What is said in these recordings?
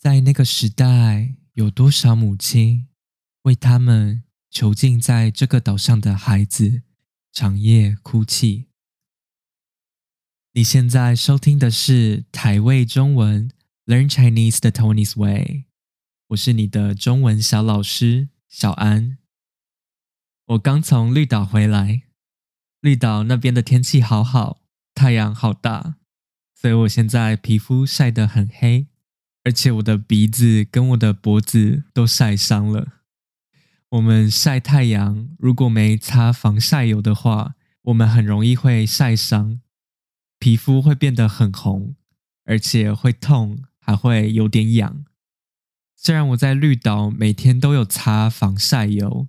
在那個時代，有多少母親為他們囚禁在這個島上的孩子長夜哭泣？你現在收聽的是台味中文 Learn Chinese the Taiwanese Way，我是你的中文小老師小安。我剛從綠島回來，綠島那邊的天氣好好，太陽好大，所以我現在皮膚曬得很黑。而且我的鼻子跟我的脖子都曬傷了。我們曬太陽，如果沒擦防曬油的話，我們很容易會曬傷，皮膚會變得很紅，而且會痛，還會有點癢。雖然我在綠島每天都有擦防曬油，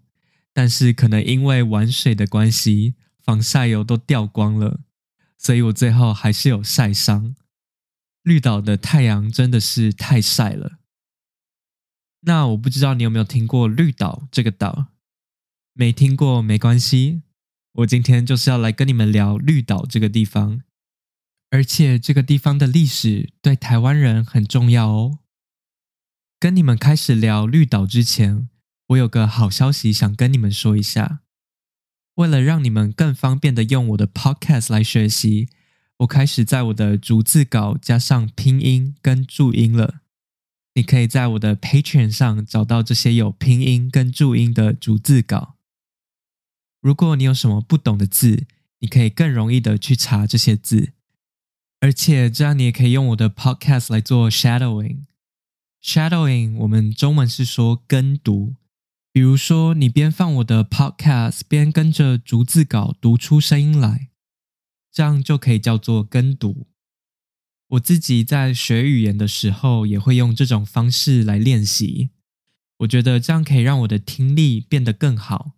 但是可能因為玩水的關係，防曬油都掉光了，所以我最後還是有曬傷。綠島的太陽真的是太曬了。那我不知道你有沒有聽過綠島這個島？沒聽過，沒關係。我今天就是要來跟你們聊綠島這個地方，而且這個地方的歷史對台灣人很重要哦。跟你們開始聊綠島之前，我有個好消息想跟你們說一下。為了讓你們更方便的用我的 Podcast 來學習，我開始在我的逐字稿加上拼音跟注音了。你可以在我的 Patreon 上找到這些有拼音跟注音的逐字稿。如果你有什麼不懂的字，你可以更容易的去查這些字。而且這樣你也可以用我的 podcast 來做 shadowing。shadowing 我們中文是說跟讀。比如說，你邊放我的 podcast 邊跟着逐字稿讀出聲音來。這樣就可以叫做跟讀。我自己在學語言的時候，也會用這種方式來練習。我覺得這樣可以讓我的聽力變得更好，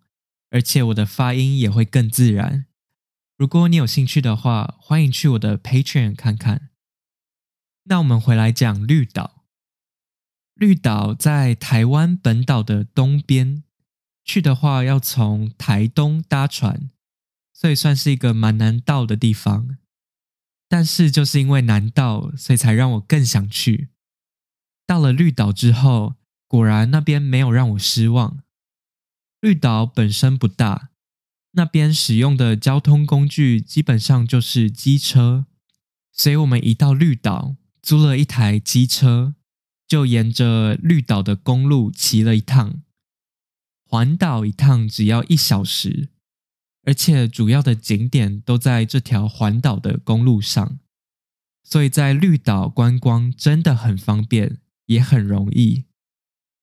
而且我的發音也會更自然。如果你有興趣的話，歡迎去我的 Patreon 看看。那我們回來講綠島。綠島在台灣本島的東邊，去的話要從台東搭船。所以算是一個蠻難到的地方，但是就是因為難到，所以才讓我更想去。到了綠島之後，果然那邊沒有讓我失望。綠島本身不大，那邊使用的交通工具基本上就是機車，所以我們一到綠島，租了一台機車，就沿着綠島的公路騎了一趟，環島一趟只要一小時。而且主要的景點都在這條環島的公路上，所以在綠島觀光真的很方便，也很容易。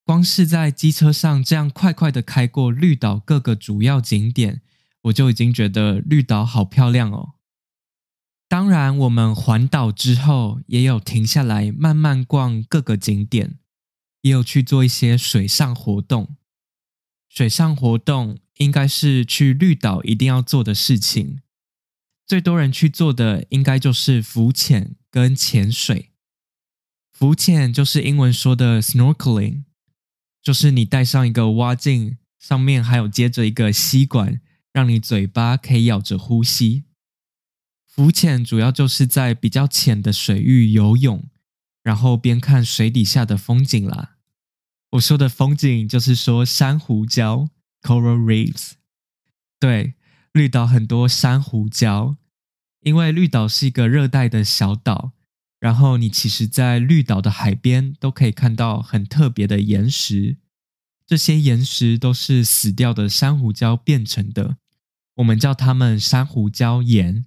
光是在機車上這樣快快的開過綠島各個主要景點，我就已經覺得綠島好漂亮哦。當然，我們環島之後也有停下來慢慢逛各個景點，也有去做一些水上活動。水上活動。應該是去綠島一定要做的事情，最多人去做的應該就是浮潛跟潛水。浮潛就是英文說的 snorkeling，就是你戴上一個蛙鏡，上面還有接着一個吸管，讓你嘴巴可以咬着呼吸。浮潛主要就是在比較淺的水域游泳，然後邊看水底下的風景啦。我說的風景就是說珊瑚礁。Coral reefs，對，綠島很多珊瑚礁，因為綠島是一個熱帶的小島，然後你其實，在綠島的海邊都可以看到很特別的岩石，這些岩石都是死掉的珊瑚礁變成的，我們叫它們珊瑚礁岩。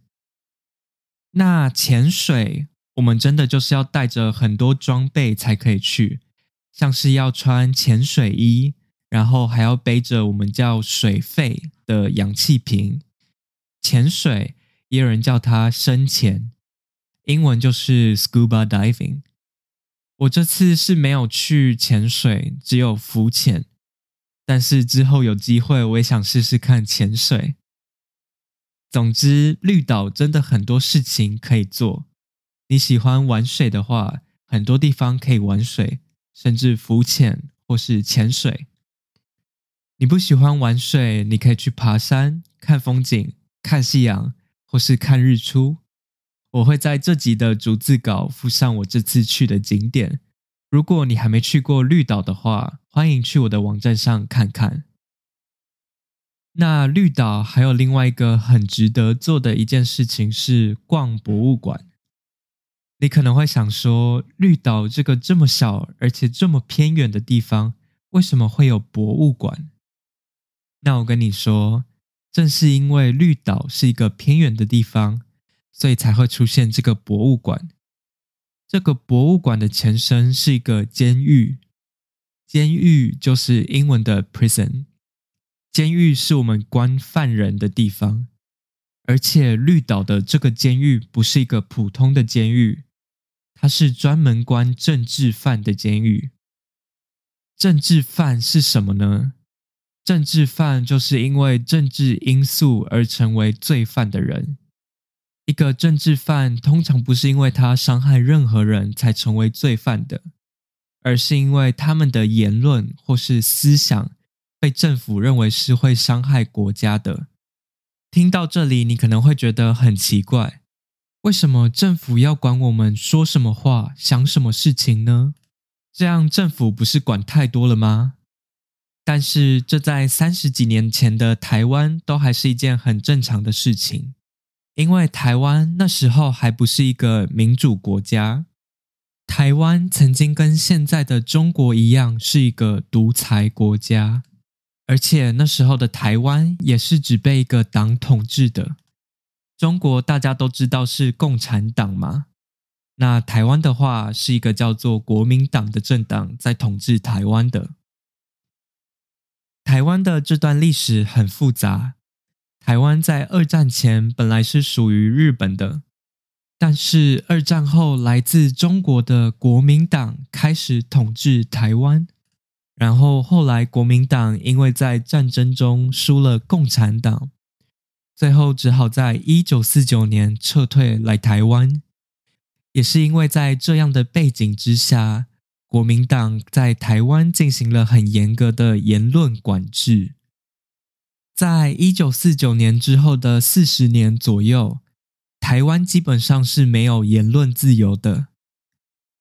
那潛水，我們真的就是要帶着很多裝備才可以去，像是要穿潛水衣。然後還要背着我們叫水肺的氧氣瓶潛水，也有人叫它深潛，英文就是 scuba diving。我這次是沒有去潛水，只有浮潛。但是之後有機會我也想試試看潛水。總之，綠島真的很多事情可以做。你喜歡玩水的話，很多地方可以玩水，甚至浮潛或是潛水。你不喜歡玩水，你可以去爬山、看風景、看夕陽，或是看日出。我會在這集的逐字稿附上我這次去的景點。如果你還沒去過綠島的話，歡迎去我的網站上看看。那綠島還有另外一個很值得做的一件事情是逛博物館。你可能會想說，綠島這個這麼小而且這麼偏遠的地方，為什麼會有博物館？那我跟你說，正是因為綠島是一個偏遠的地方，所以才會出現這個博物館。這個博物館的前身是一個監獄，監獄就是英文的 prison，監獄是我們關犯人的地方。而且綠島的這個監獄不是一個普通的監獄，它是專門關政治犯的監獄。政治犯是什麼呢？政治犯就是因為政治因素而成為罪犯的人。一個政治犯通常不是因為他傷害任何人才成為罪犯的，而是因為他們的言論或是思想被政府認為是會傷害國家的。聽到這裡，你可能會覺得很奇怪，為什麼政府要管我們說什麼話，想什麼事情呢？這樣政府不是管太多了嗎？但是，這在三十幾年前的台灣都還是一件很正常的事情，因為台灣那時候還不是一個民主國家。台灣曾經跟現在的中國一樣，是一個獨裁國家，而且那時候的台灣也是只被一個黨統治的。中國大家都知道是共產黨嘛，那台灣的話是一個叫做國民黨的政黨在統治台灣的。台灣的這段歷史很複雜。台灣在二戰前本來是屬於日本的，但是二戰後來自中國的國民黨開始統治台灣，然後後來國民黨因為在戰爭中輸了共產黨，最後只好在一九四九年撤退來台灣。也是因為在這樣的背景之下，國民黨在台灣進行了很嚴格的言論管制，在一九四九年之後的四十年左右，台灣基本上是沒有言論自由的。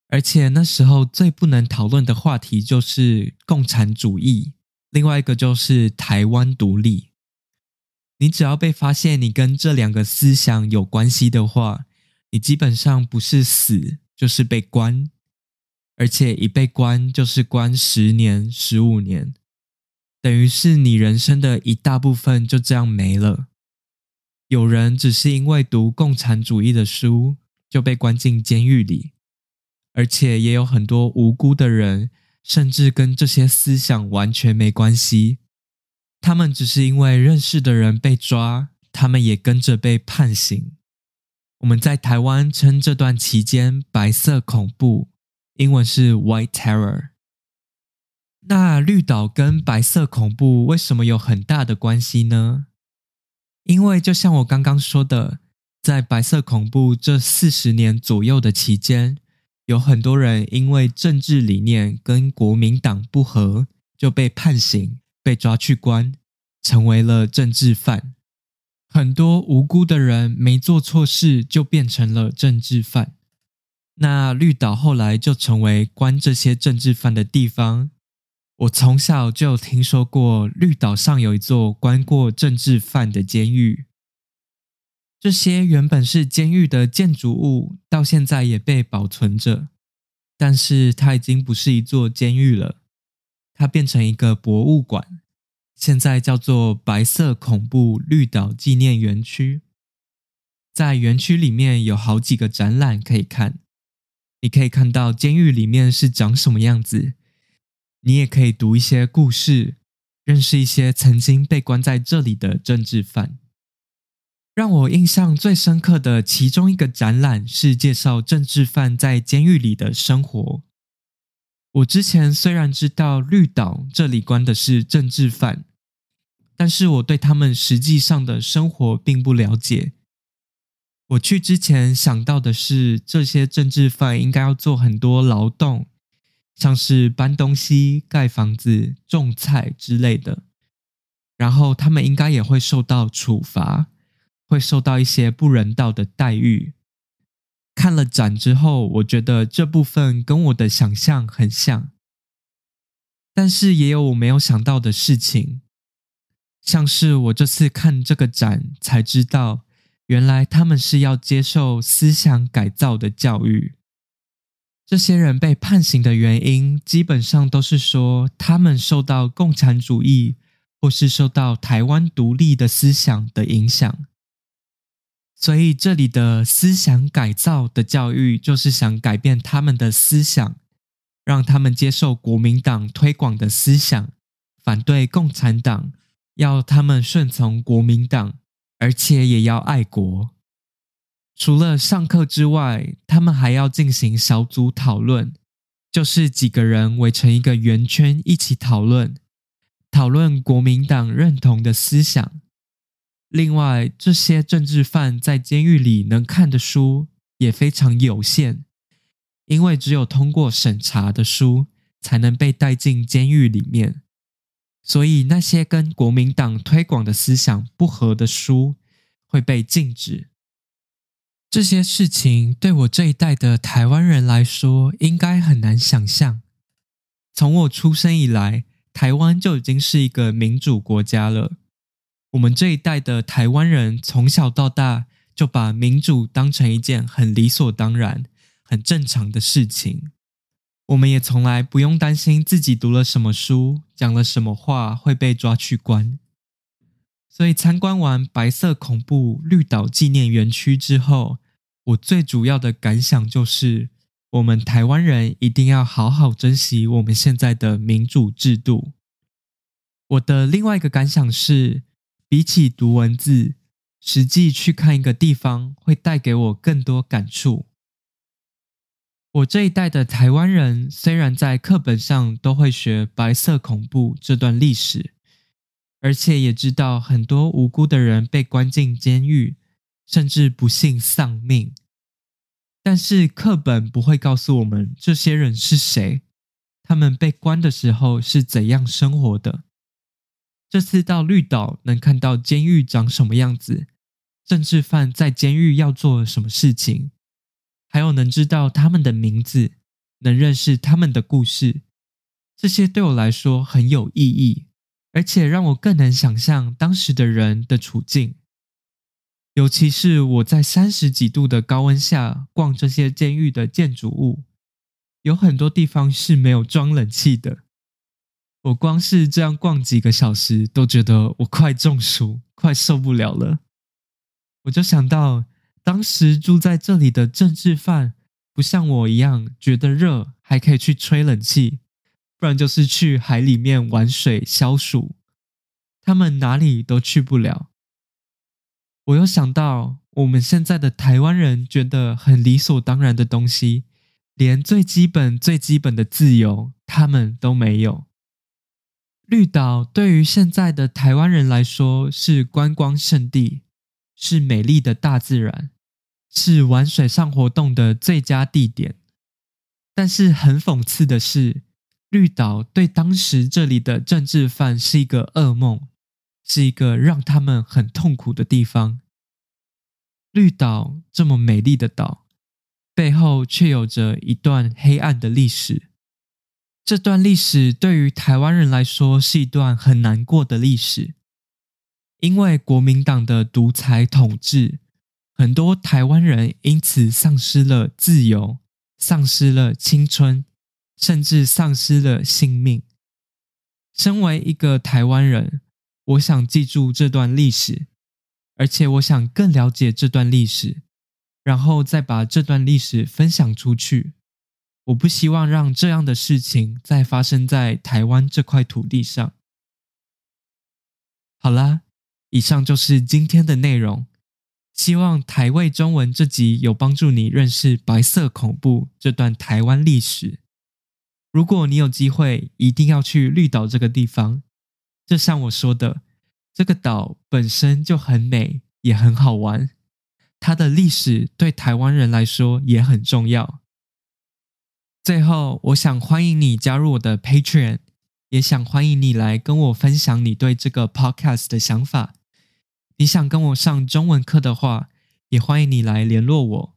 而且那時候最不能討論的話題就是共產主義，另外一個就是台灣獨立。你只要被發現你跟這兩個思想有關係的話，你基本上不是死就是被關。而且一被關就是關十年、十五年，等於是你人生的一大部分就這樣沒了。有人只是因為讀共產主義的書，就被關進監獄裡，而且也有很多無辜的人，甚至跟這些思想完全沒關係。他們只是因為認識的人被抓，他們也跟着被判刑。我們在台灣稱這段期間“白色恐怖”。英文是 White Terror。那綠島跟白色恐怖為什麼有很大的關係呢？因為就像我剛剛說的，在白色恐怖這四十年左右的期間，有很多人因為政治理念跟國民黨不合，就被判刑、被抓去關，成為了政治犯。很多無辜的人沒做錯事，就變成了政治犯。那綠島後來就成為關這些政治犯的地方。我從小就聽說過，綠島上有一座關過政治犯的監獄。這些原本是監獄的建築物，到現在也被保存着。但是它已經不是一座監獄了，它變成一個博物館，現在叫做“白色恐怖綠島紀念園區”。在園區裡面有好幾個展覽可以看。你可以看到監獄裡面是長什麼樣子，你也可以讀一些故事，認識一些曾經被關在這裡的政治犯。讓我印象最深刻的其中一個展覽是介紹政治犯在監獄裡的生活。我之前雖然知道綠島這裡關的是政治犯，但是我對他們實際上的生活並不了解。我去之前想到的是，這些政治犯應該要做很多勞動，像是搬東西、蓋房子、種菜之類的。然後他們應該也會受到處罰，會受到一些不人道的待遇。看了展之後，我覺得這部分跟我的想象很像，但是也有我沒有想到的事情，像是我這次看這個展才知道。原來他們是要接受思想改造的教育。這些人被判刑的原因，基本上都是說他們受到共產主義或是受到台灣獨立的思想的影響。所以，這裡的思想改造的教育，就是想改變他們的思想，讓他們接受國民黨推廣的思想，反對共產黨，要他們順從國民黨。而且也要愛國。除了上課之外，他們還要進行小組討論，就是幾個人圍成一個圓圈一起討論，討論國民黨認同的思想。另外，這些政治犯在監獄裡能看的書也非常有限，因為只有通過審查的書才能被帶進監獄裡面。所以，那些跟國民黨推廣的思想不合的書會被禁止。這些事情對我這一代的台灣人來說，應該很難想象從我出生以來，台灣就已經是一個民主國家了。我們這一代的台灣人從小到大就把民主當成一件很理所當然、很正常的事情。我們也從來不用擔心自己讀了什麼書、講了什麼話會被抓去關。所以參觀完白色恐怖綠島紀念園區之後，我最主要的感想就是，我們臺灣人一定要好好珍惜我們現在的民主制度。我的另外一個感想是，比起讀文字，實際去看一個地方會帶給我更多感觸。我這一代的台灣人，雖然在課本上都會學白色恐怖這段歷史，而且也知道很多無辜的人被關進監獄，甚至不幸喪命，但是課本不會告訴我們這些人是誰，他們被關的時候是怎樣生活的。這次到綠島，能看到監獄長什麼樣子，政治犯在監獄要做什麼事情。還有能知道他們的名字，能認識他們的故事，這些對我來說很有意義，而且讓我更能想象當時的人的處境。尤其是我在三十幾度的高溫下逛這些監獄的建築物，有很多地方是沒有裝冷氣的。我光是這樣逛幾個小時，都覺得我快中暑，快受不了了。我就想到，當時住在這裡的政治犯，不像我一樣覺得熱，還可以去吹冷氣，不然就是去海裡面玩水消暑。他們哪裡都去不了。我又想到，我們現在的台灣人覺得很理所當然的東西，連最基本、最基本的自由，他們都沒有。綠島對於現在的台灣人來說是觀光勝地，是美麗的大自然。是玩水上活動的最佳地點，但是很諷刺的是，綠島對當時這裡的政治犯是一個噩夢，是一個讓他們很痛苦的地方。綠島這麼美麗的島，背後卻有着一段黑暗的歷史。這段歷史對於台灣人來說是一段很難過的歷史，因為國民黨的獨裁統治。很多台灣人因此喪失了自由，喪失了青春，甚至喪失了性命。身為一個台灣人，我想記住這段歷史，而且我想更了解這段歷史，然後再把這段歷史分享出去。我不希望讓這樣的事情再發生在台灣這塊土地上。好啦，以上就是今天的內容。希望台味中文這集有幫助你認識白色恐怖這段台灣歷史。如果你有機會，一定要去綠島這個地方。就像我說的，這個島本身就很美，也很好玩。它的歷史對台灣人來說也很重要。最後，我想歡迎你加入我的 Patreon，也想歡迎你來跟我分享你對這個 podcast 的想法。你想跟我上中文課的話，也歡迎你來聯絡我。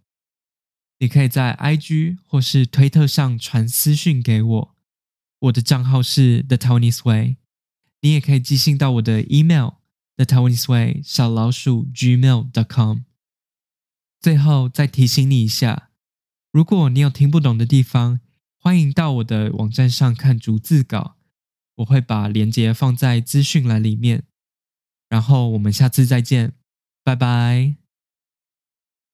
你可以在 IG 或是推特上傳私訊給我，我的賬號是 thetaiwaneseway。你也可以寄信到我的 email thetaiwaneseway 小老鼠 gmail.com。最後再提醒你一下，如果你有聽不懂的地方，歡迎到我的網站上看逐字稿，我會把鏈接放在資訊欄裡面。然後我們下次再見，拜拜。